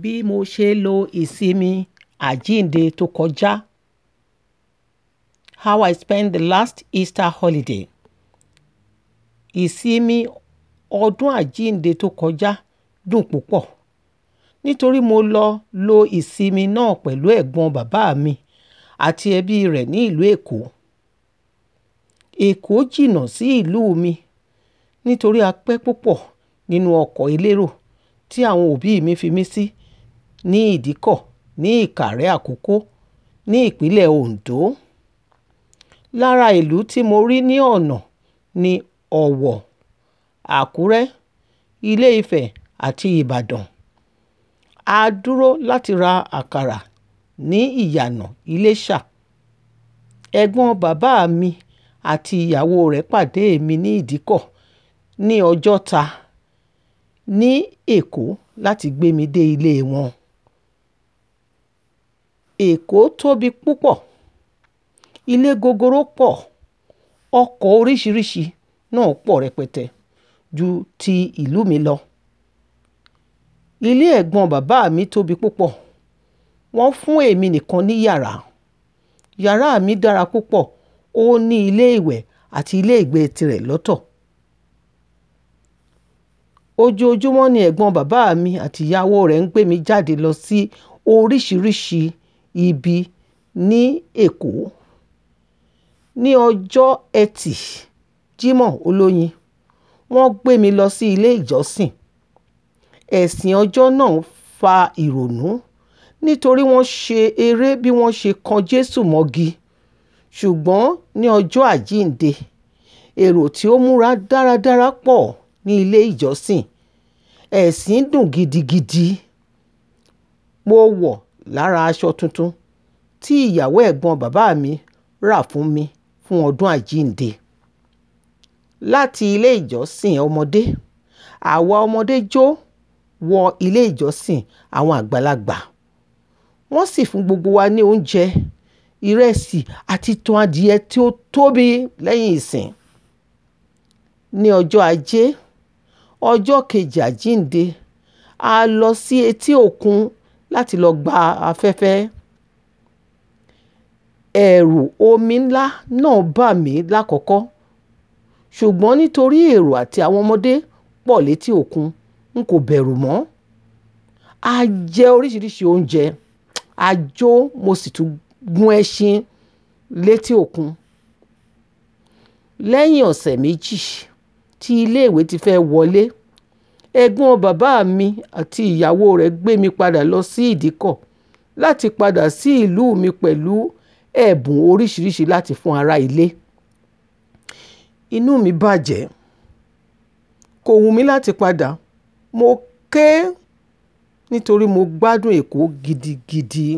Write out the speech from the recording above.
bí mo ṣe lo ìsinmi àjíǹde tó kọjá how I spend the last Easter holiday. Ìsinmi ọdún àjíǹde tó kọjá dùn púpọ̀ nítorí mo lọ lo ìsinmi náà pẹ̀lú ẹ̀gbọ́n bàbá mi àti ẹbí rẹ̀ ní ìlú Èkó. Èkó jìnnà sí ìlú mi nítorí a pẹ́ púpọ̀ nínú ọkọ̀ elérò tí àwọn òbí mi fi mí sí ní ìdíkọ̀ ní ìkàrẹ́ àkókò ní ìpínlẹ̀ ondo lára ìlú tí mo rí ní ọ̀nà ní owó àkùrẹ́ ilé-ìfẹ́ àti ìbàdàn a dúró láti ra àkàrà ní ìyànà ìlèṣà ẹ̀gbọ́n bàbá mi àti ìyàwó rẹ̀ pàdé mi ní ìdíkọ̀ ní ọjọ́ta ní èkó láti gbé mi dé ilé wọn èkó tóbi púpọ̀ ilé gogoro pọ̀ ọkọ̀ oríṣiríṣiì náà pọ̀ rẹpẹtẹ ju ti ìlú mi lọ ilé ẹ̀gbọ́n bàbá mi tóbi púpọ̀ wọ́n fún èmi nìkan ní yàrá yàrá mi dára púpọ̀ ó ní ilé ìwẹ̀ àti ilé ìgbẹ́ tirẹ̀ lọ́tọ̀ ojoojúmọ́ ni ẹ̀gbọ́n bàbá mi àti ìyàwó rẹ̀ ń gbé mi jáde lọ sí oríṣiríṣi ibi ní èkó ní ọjọ́ etí jimoh olóyin wọn gbé mi lọ sí ilé ìjọsìn ẹ̀sìn ọjọ́ náà fa ìrònú nítorí wọ́n ṣe eré bí wọ́n ṣe kan jésù mọ́gi ṣùgbọ́n ní ọjọ́ àjíǹde èrò tí ó múra dáradára pọ̀ ní ilé ìjọsìn ẹ̀sìn dùn gidigidi mo wọ̀ lára aṣọ tuntun tí ìyàwó ẹ̀gbọ́n bàbá mi rà fún mi fún ọdún àjíǹde. Láti ilé ìjọsìn ọmọdé, àwa ọmọdé jó wọ ilé ìjọsìn àwọn àgbàlagbà. Wọ́n sì fún gbogbo wa ní oúnjẹ, ìrẹsì àti ìtàn adìẹ tí ó tóbi lẹ́yìn ìsìn. Ní ọjọ́ Ajé, ọjọ́ kejì àjíǹde, a lọ sí etí òkun láti lọ gba afẹ́fẹ́ ẹ̀rù omi ńlá náà bà mí lákòókò ṣùgbọ́n nítorí èrò àti àwọn ọmọdé pọ̀ létí òkun n kò bẹ̀rù mọ́ a jẹ oríṣiríṣi oúnjẹ a jó mo sì tún gun ẹṣin létí òkun lẹ́yìn ọ̀sẹ̀ méjì tí iléèwé ti fẹ́ wọlé ẹ̀gbọ́n bàbá mi àti ìyàwó rẹ̀ gbé mi padà lọ sí ìdíkọ̀ láti padà sí ìlú mi pẹ̀lú ẹ̀bùn oríṣiríṣiì láti fún ará ilé inú mi bàjẹ́ kò wù mí láti padà mo ké nítorí mo gbádùn èkó gidigidi